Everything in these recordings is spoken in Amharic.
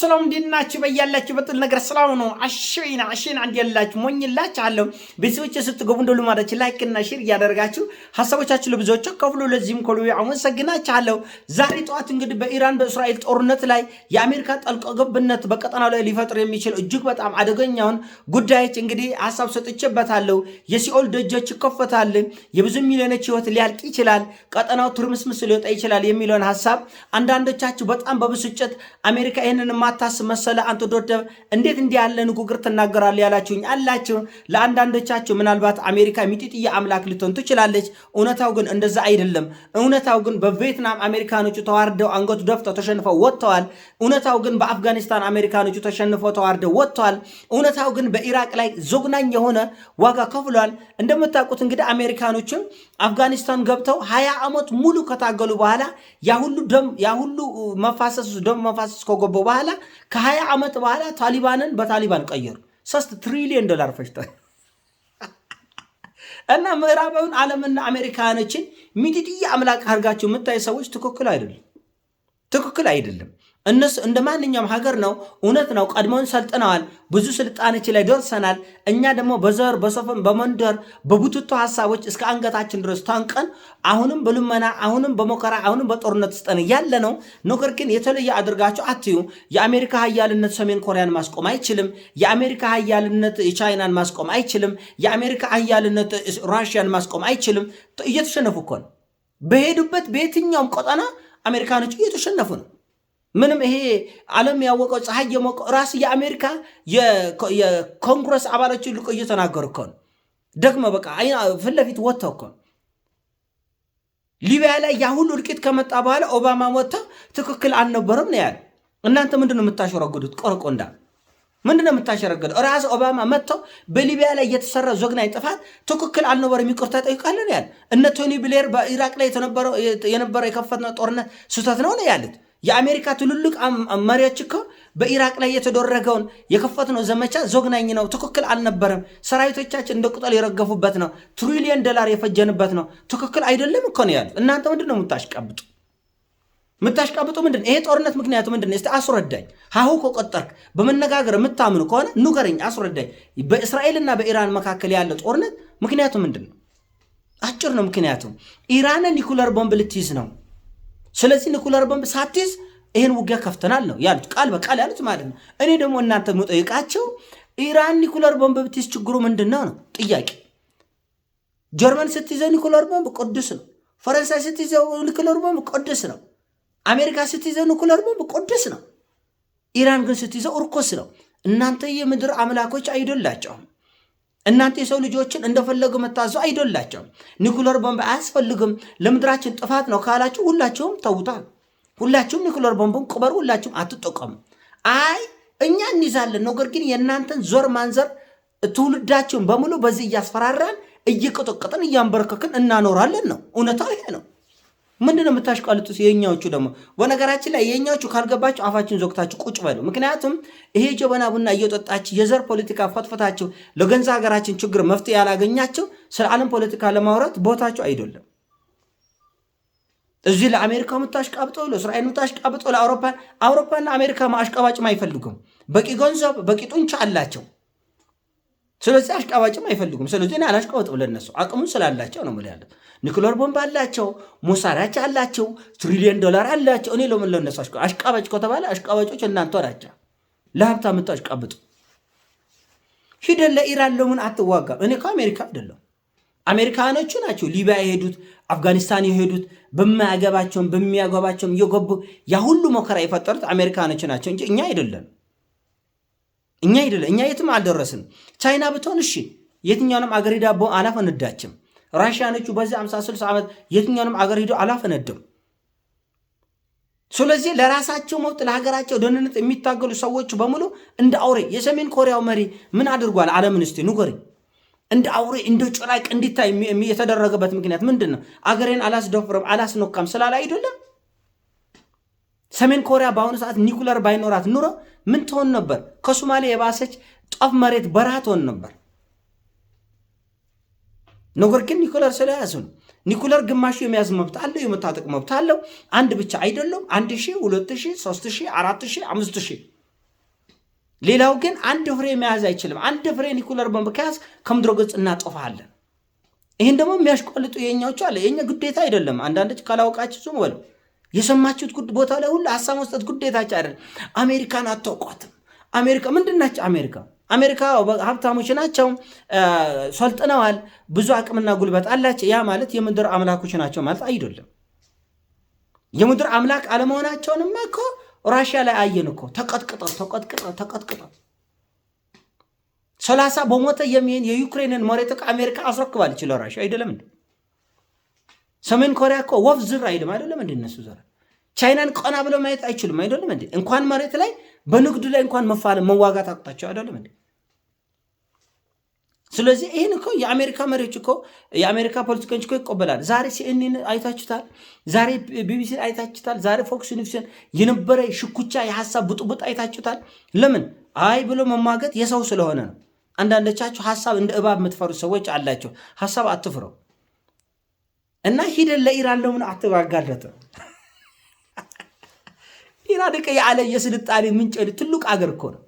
ሰላም እንዲናችሁ በያላችሁ በጥል ነገር ሰላም ነው። አሽሪና አሽሪና አንድ ያላችሁ ሞኝላችሁ አለው ቤተሰቦች ስትገቡ እንደ ልማዳችሁ ላይክ እና ሼር እያደረጋችሁ ሀሳቦቻችሁ ለብዙዎች ከፍሎ ለዚህም ኮሉ አመሰግናችኋለሁ። ዛሬ ጠዋት እንግዲህ በኢራን በእስራኤል ጦርነት ላይ የአሜሪካ ጠልቆ ገብነት በቀጠናው ላይ ሊፈጥር የሚችል እጅግ በጣም አደገኛውን ጉዳዮች እንግዲህ ሀሳብ ሰጥቼበታለሁ። የሲኦል ደጆች ይከፈታል፣ የብዙ ሚሊዮኖች ህይወት ሊያልቅ ይችላል፣ ቀጠናው ትርምስምስ ሊወጣ ይችላል የሚለውን ሀሳብ አንዳንዶቻችሁ በጣም በብስጭት አሜሪካ ይህንን የማታስብ መሰለ አንተ ዶደብ እንዴት እንዲህ ያለ ንግግር ትናገራለህ? ያላችሁኝ አላችሁ። ለአንዳንዶቻችሁ ምናልባት አሜሪካ ሚጢጥዬ አምላክ ልትሆን ትችላለች። እውነታው ግን እንደዛ አይደለም። እውነታው ግን በቪየትናም አሜሪካኖቹ ተዋርደው አንገቱ ደፍተው ተሸንፈው ወጥተዋል። እውነታው ግን በአፍጋኒስታን አሜሪካኖቹ ተሸንፈው ተዋርደው ወጥተዋል። እውነታው ግን በኢራቅ ላይ ዞግናኝ የሆነ ዋጋ ከፍሏል። እንደምታውቁት እንግዲህ አሜሪካኖችም አፍጋኒስታን ገብተው ሀያ ዓመት ሙሉ ከታገሉ በኋላ ያሁሉ ደም መፋሰስ ደም መፋሰስ ከገቡ በኋላ ከሀያ ዓመት በኋላ ታሊባንን በታሊባን ቀየሩ። ሶስት ትሪሊዮን ዶላር ፈጅቷል። እና ምዕራባዊን ዓለምና አሜሪካኖችን ሚድድያ አምላክ አድርጋቸው የምታይ ሰዎች ትክክል አይደለም፣ ትክክል አይደለም። እነሱ እንደ ማንኛውም ሀገር ነው። እውነት ነው፣ ቀድሞውን ሰልጥነዋል። ብዙ ስልጣኔች ላይ ደርሰናል። እኛ ደግሞ በዘር በሰፈን በመንደር በቡትቶ ሀሳቦች እስከ አንገታችን ድረስ ታንቀን አሁንም በልመና አሁንም በሞከራ አሁንም በጦርነት ስጠን ያለ ነው። ነገር ግን የተለየ አድርጋቸው አትዩ። የአሜሪካ ሀያልነት ሰሜን ኮሪያን ማስቆም አይችልም። የአሜሪካ ሀያልነት የቻይናን ማስቆም አይችልም። የአሜሪካ ሀያልነት ራሽያን ማስቆም አይችልም። እየተሸነፉ እኮ ነው። በሄዱበት በየትኛውም ቀጠና አሜሪካኖች እየተሸነፉ ነው። ምንም ይሄ ዓለም ያወቀው ፀሐይ የሞቀው ራስ የአሜሪካ የኮንግረስ አባሎች ልቆ እየተናገሩ እኮ ነው። ደግሞ በቃ ፊት ለፊት ወጥተው እኮ ሊቢያ ላይ ያ ሁሉ እልቂት ከመጣ በኋላ ኦባማ ወጥተው ትክክል አልነበረም ነው ያለ። እናንተ ምንድነው የምታሸረግዱት? ቆርቆንዳ ምንድነው የምታሸረግደው? ራስ ኦባማ መጥተው በሊቢያ ላይ የተሰራ ዞግናኝ ጥፋት ትክክል አልነበረም፣ ይቅርታ ጠይቃለን ያለ። እነ ቶኒ ብሌር በኢራቅ ላይ የነበረ የከፈትነው ጦርነት ስህተት ነው ነው ያለት የአሜሪካ ትልልቅ መሪዎች እኮ በኢራቅ ላይ የተደረገውን የከፈትነው ዘመቻ ዞግናኝ ነው፣ ትክክል አልነበረም፣ ሰራዊቶቻችን እንደ ቅጠል የረገፉበት ነው፣ ትሪሊየን ዶላር የፈጀንበት ነው፣ ትክክል አይደለም እኮ ነው ያሉ። እናንተ ምንድን ነው የምታሽቀብጡ? የምታሽቀብጡ ምንድን ይሄ ጦርነት ምክንያቱ ምንድን ነው? እስቲ አስረዳኝ። ሀሁ ከቆጠርክ በመነጋገር የምታምኑ ከሆነ ንገረኝ፣ አስረዳኝ። በእስራኤልና በኢራን መካከል ያለው ጦርነት ምክንያቱ ምንድን ነው? አጭር ነው ምክንያቱም ኢራን ኒኩለር ቦምብ ልትይዝ ነው ስለዚህ ኒኩለር ቦምብ ሳትይዝ ይህን ውጊያ ከፍተናል ነው ያሉት፣ ቃል በቃል ያሉት ማለት ነው። እኔ ደግሞ እናንተ መጠይቃቸው ኢራን ኒኩለር ቦምብ ብትይዝ ችግሩ ምንድን ነው ነው ጥያቄ። ጀርመን ስትይዘው ኒኩለር ቦምብ ቅዱስ ነው። ፈረንሳይ ስትይዘው ኒኩለር ቦምብ ቅዱስ ነው። አሜሪካ ስትይዘው ኒኩለር ቦምብ ቅዱስ ነው። ኢራን ግን ስትይዘው እርኮስ ነው። እናንተ የምድር አምላኮች አይደላቸውም። እናንተ የሰው ልጆችን እንደፈለጉ መታዘው አይደላቸውም። ኒኩለር ቦምብ አያስፈልግም ለምድራችን ጥፋት ነው ካላችሁ ሁላችሁም ተውታል። ሁላችሁም ኒኩለር ቦምብን ቁበሩ፣ ሁላችሁም አትጠቀሙ። አይ እኛ እንይዛለን፣ ነገር ግን የእናንተን ዞር ማንዘር ትውልዳችሁን በሙሉ በዚህ እያስፈራራን እየቀጠቀጥን እያንበረከክን እናኖራለን ነው። እውነታው ይሄ ነው። ምንድነው የምታሽቃልጡት? የኛዎቹ ደግሞ በነገራችን ላይ የኛዎቹ ካልገባችሁ አፋችን ዘግታችሁ ቁጭ በሉ። ምክንያቱም ይሄ ጀበና ቡና እየጠጣችሁ የዘር ፖለቲካ ፈትፈታችሁ ለገንዛ ሀገራችን ችግር መፍትሄ ያላገኛቸው ስለ ዓለም ፖለቲካ ለማውራት ቦታችሁ አይደለም። እዚህ ለአሜሪካ የምታሽቃብጦ፣ ለእስራኤል የምታሽቃብጦ፣ ለአውሮፓ አውሮፓና አሜሪካ ማሽቃባጭም አይፈልጉም። በቂ ገንዘብ በቂ ጡንቻ አላቸው። ስለዚህ አሽቃባጭም አይፈልጉም። ስለዚህ እኔ አላሽቃወጥም። ለነሱ አቅሙን ስላላቸው ነው ምል ያለት ኒክሎር ቦምብ አላቸው፣ ሞሳሪያች አላቸው፣ ትሪሊየን ዶላር አላቸው። እኔ ለምን ለነሱ አሽቃባጭ ከተባለ አሽቃባጮች እናንተ ናቸው። ለሀብታ ምቶ አሽቃብጡ ሂደን ለኢራን ለምን አትዋጋም? እኔ ከአሜሪካ አይደለም አሜሪካኖቹ ናቸው ሊቢያ የሄዱት አፍጋኒስታን የሄዱት በማያገባቸውም በሚያገባቸውም እየገቡ ያ ሁሉ መከራ የፈጠሩት አሜሪካኖች ናቸው እንጂ እኛ አይደለም። እኛ ይደለ እኛ የትም አልደረስም። ቻይና ብትሆን እሺ የትኛውንም አገር ሄዳ ቦ አላፈነዳችም። ራሽያኖቹ በዚህ 56 ዓመት የትኛውንም አገር ሄዶ አላፈነዱም። ስለዚህ ለራሳቸው መብት ለሀገራቸው ደህንነት የሚታገሉ ሰዎች በሙሉ እንደ አውሬ የሰሜን ኮሪያው መሪ ምን አድርጓል? ዓለምን እስቲ ንገሪኝ። እንደ አውሬ እንደ ጭራቅ እንዲታይ የተደረገበት ምክንያት ምንድን ነው? አገሬን አላስደፍርም አላስነካም ስላለ አይደለም። ሰሜን ኮሪያ በአሁኑ ሰዓት ኒኩለር ባይኖራት ኑሮ ምን ትሆን ነበር? ከሶማሌ የባሰች ጦፍ መሬት በረሃ ትሆን ነበር። ነገር ግን ኒኩለር ስለያዙ ነው። ኒኩለር ግማሹ የመያዝ መብት አለው፣ የመታጠቅ መብት አለው። አንድ ብቻ አይደለም፣ አንድ ሺህ፣ ሁለት ሺህ፣ ሶስት ሺህ፣ አራት ሺህ፣ አምስት ሺህ። ሌላው ግን አንድ ፍሬ መያዝ አይችልም። አንድ ፍሬ ኒኩለር በመከያዝ ከምድሮ ከምድረ ገጽ እናጠፋለን። ይህን ደግሞ የሚያሽቆልጡ የኛዎች አለ። የኛ ግዴታ አይደለም። አንዳንዶች ካላወቃችሁ ዝም በለው። የሰማችሁት ጉድ ቦታ ላይ ሁሉ ሀሳብ መስጠት ግዴታችሁ አይደለም። አሜሪካን አታውቋትም። አሜሪካ ምንድን ናቸው? አሜሪካ አሜሪካ ሀብታሞች ናቸው፣ ሰልጥነዋል፣ ብዙ አቅምና ጉልበት አላቸው። ያ ማለት የምድር አምላኮች ናቸው ማለት አይደለም። የምድር አምላክ አለመሆናቸውንም እኮ ራሽያ ላይ አየን እኮ ተቀጥቅጠው ተቀጥቅጠው ተቀጥቅጠው ሰላሳ በሞተ የሚሄን የዩክሬንን መሬት እኮ አሜሪካ አስረክባለች ራሽያ አይደለም እንዴ? ሰሜን ኮሪያ እኮ ወፍ ዝር አይልም አይደለም እንደ እነሱ ዘር ቻይናን ቀና ብለው ማየት አይችሉም አይደለም እንዴ? እንኳን መሬት ላይ በንግዱ ላይ እንኳን መፋለም መዋጋት አቅጣቸው አይደለም እንዴ? ስለዚህ ይህን እኮ የአሜሪካ መሪዎች እኮ የአሜሪካ ፖለቲከኞች እኮ ይቆበላል። ዛሬ ሲኤንኤን አይታችሁታል፣ ዛሬ ቢቢሲን አይታችሁታል፣ ዛሬ ፎክስ ኒውስን የነበረ ሽኩቻ የሀሳብ ብጥብጥ አይታችሁታል። ለምን አይ ብሎ መሟገት የሰው ስለሆነ ነው። አንዳንዶቻችሁ ሀሳብ እንደ እባብ የምትፈሩ ሰዎች አላቸው። ሀሳብ አትፍረው። እና ሂደን ለኢራን ለምን አትባጋለትም? ኢራን እኮ የዓለ የስልጣኔ ምንጭ ትልቅ አገር እኮ ነው።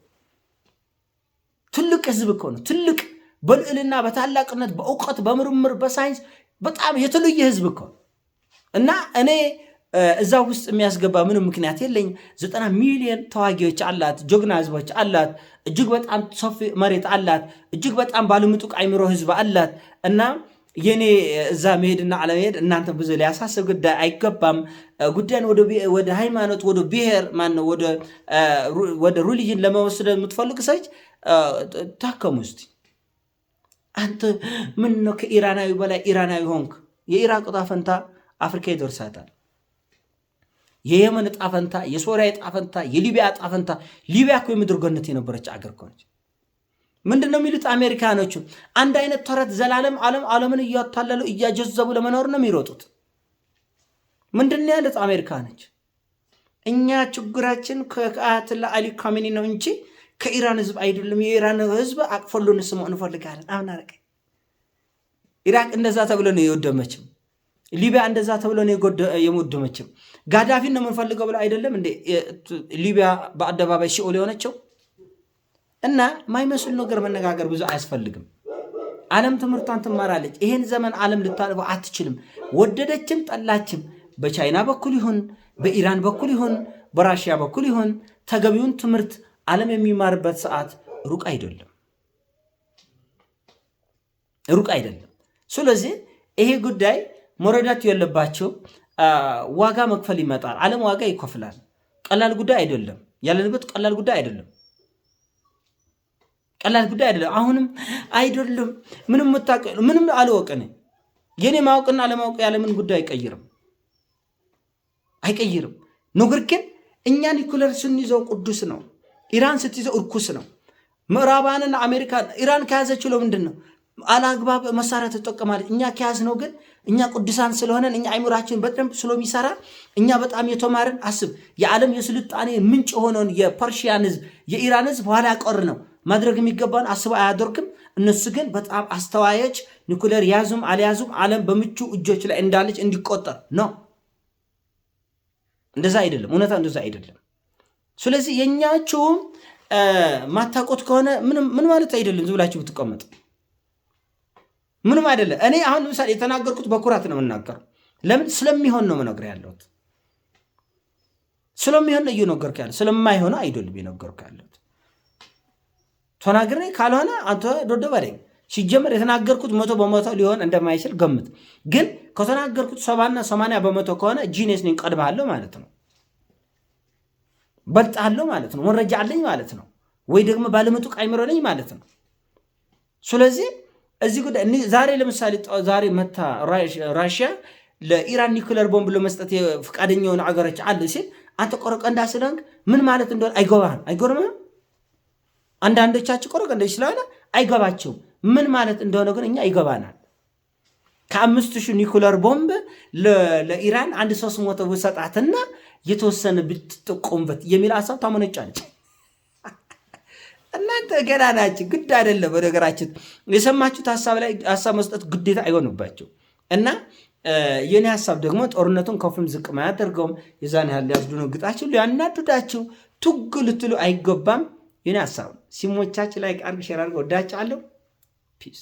ትልቅ ህዝብ እኮ ነው። ትልቅ በልዕልና በታላቅነት በእውቀት በምርምር በሳይንስ በጣም የተለየ ህዝብ እኮ ነው። እና እኔ እዛ ውስጥ የሚያስገባ ምንም ምክንያት የለኝ። ዘጠና ሚሊዮን ተዋጊዎች አላት፣ ጀግና ህዝቦች አላት፣ እጅግ በጣም ሰፊ መሬት አላት፣ እጅግ በጣም ባለምጡቅ አይምሮ ህዝብ አላት እና የኔ እዛ መሄድና አለመሄድ እናንተ ብዙ ሊያሳስብ ጉዳይ አይገባም። ጉዳይን ወደ ሃይማኖት፣ ወደ ብሔር ማነው ወደ ሩሊጅን ለመወስደ የምትፈልግ ሰዎች ታከሙ ውስጥ አንተ ምን ነው ከኢራናዊ በላይ ኢራናዊ ሆንክ። የኢራቅ ዕጣ ፈንታ አፍሪካ ይደርሳታል። የየመን ጣፈንታ፣ ፈንታ፣ የሶሪያ ዕጣ የሊቢያ ጣፈንታ። ሊቢያ እኮ የምድር ገነት የነበረች አገር ከሆነች ምንድን ነው የሚሉት አሜሪካኖቹ? አንድ አይነት ተረት ዘላለም ዓለም ዓለምን እያታለሉ እያጀዘቡ ለመኖር ነው የሚሮጡት። ምንድን ነው ያሉት አሜሪካኖች? እኛ ችግራችን ከአያትላ አሊ ካሜኒ ነው እንጂ ከኢራን ህዝብ አይደለም። የኢራን ህዝብ አቅፎሉን ስሞ እንፈልጋለን። አሁን አረቀ ኢራቅ እንደዛ ተብሎ ነው የወደመችም። ሊቢያ እንደዛ ተብሎ ነው ጋዳፊን ነው የምንፈልገው ብለ አይደለም እንዴ ሊቢያ በአደባባይ ሲኦል የሆነችው? እና ማይመስል ነገር መነጋገር ብዙ አያስፈልግም። ዓለም ትምህርቷን ትማራለች። ይሄን ዘመን ዓለም ልታልፈው አትችልም። ወደደችም ጠላችም፣ በቻይና በኩል ይሁን በኢራን በኩል ይሁን በራሽያ በኩል ይሁን ተገቢውን ትምህርት ዓለም የሚማርበት ሰዓት ሩቅ አይደለም፣ ሩቅ አይደለም። ስለዚህ ይሄ ጉዳይ መረዳት የለባቸው። ዋጋ መክፈል ይመጣል። ዓለም ዋጋ ይከፍላል። ቀላል ጉዳይ አይደለም። ያለንበት ቀላል ጉዳይ አይደለም። ቀላል ጉዳይ አይደለም። አሁንም አይደሉም ምንም ምንም አልወቅን የኔ ማወቅና አለማወቅ ያለምን ጉዳይ አይቀይርም አይቀይርም። ነገር ግን እኛ ኒኩለር ስንይዘው ቅዱስ ነው፣ ኢራን ስትይዘው እርኩስ ነው። ምዕራባንና አሜሪካን ኢራን ከያዘችው ለምንድን ነው አላግባብ መሳሪያ ትጠቀማለች? እኛ ነው ግን እኛ ቅዱሳን ስለሆነን እኛ አይምራችን በደንብ ስለሚሰራ እኛ በጣም የተማርን አስብ። የዓለም የስልጣኔ ምንጭ የሆነውን የፐርሺያን ህዝብ፣ የኢራን ህዝብ ኋላ ቀር ነው። ማድረግ የሚገባን አስበ አያደርግም። እነሱ ግን በጣም አስተዋዮች፣ ኒኩሌር ያዙም አልያዙም ዓለም በምቹ እጆች ላይ እንዳለች እንዲቆጠር ነው። እንደዛ አይደለም፣ እውነታ እንደዛ አይደለም። ስለዚህ የእኛችሁም ማታቆት ከሆነ ምን ማለት አይደለም። ዝብላችሁ ብትቀመጡ ምንም አይደለ። እኔ አሁን ለምሳሌ የተናገርኩት በኩራት ነው የምናገር። ለምን ስለሚሆን ነው የምነግርህ ያለሁት። ስለሚሆን ነው እየነገርኩህ ያለ፣ ስለማይሆነ አይደል እየነገርኩህ ያለሁት። ተናግሬ ካልሆነ አንተ ዶደበሬ ሲጀመር የተናገርኩት መቶ በመቶ ሊሆን እንደማይችል ገምት። ግን ከተናገርኩት ሰባና ሰማንያ በመቶ ከሆነ ጂኔስ ነኝ ቀድምሃለሁ ማለት ነው። በልጣለሁ ማለት ነው። መረጃ አለኝ ማለት ነው። ወይ ደግሞ ባለመጡቅ አይምሮ ነኝ ማለት ነው። ስለዚህ እዚህ ጉዳይ ዛሬ ለምሳሌ ዛሬ መታ ራሽያ ለኢራን ኒኩለር ቦምብ ለመስጠት የሆነ አገሮች አለ ሲል አንተ ቆረቀንዳ ስለሆንክ ምን ማለት እንደሆነ አይገባህም። አይጎርምህም። አንዳንዶቻችን ቆረቀንዶች ስለሆነ አይገባቸውም። ምን ማለት እንደሆነ ግን እኛ ይገባናል። ከአምስት ሺህ ኒኩለር ቦምብ ለኢራን አንድ ሶስት መቶ ብሰጣትና የተወሰነ ብትጠቆምበት የሚል ሀሳብ ታመነጫለች። እናንተ ገና ናችሁ፣ ግድ አይደለም። በነገራችን የሰማችሁት ሀሳብ ላይ ሀሳብ መስጠት ግዴታ አይሆንባቸው እና የኔ ሀሳብ ደግሞ ጦርነቱን ከፍም ዝቅም አያደርገውም። የዛን ያህል ሊያስደነግጣችሁ ሊያናድዳችሁ ቱግ ልትሉ አይገባም። የኔ ሀሳብ ሲሞቻችን ላይ ቃርግ ሼር አድርገው ወዳችኋለሁ። ፒስ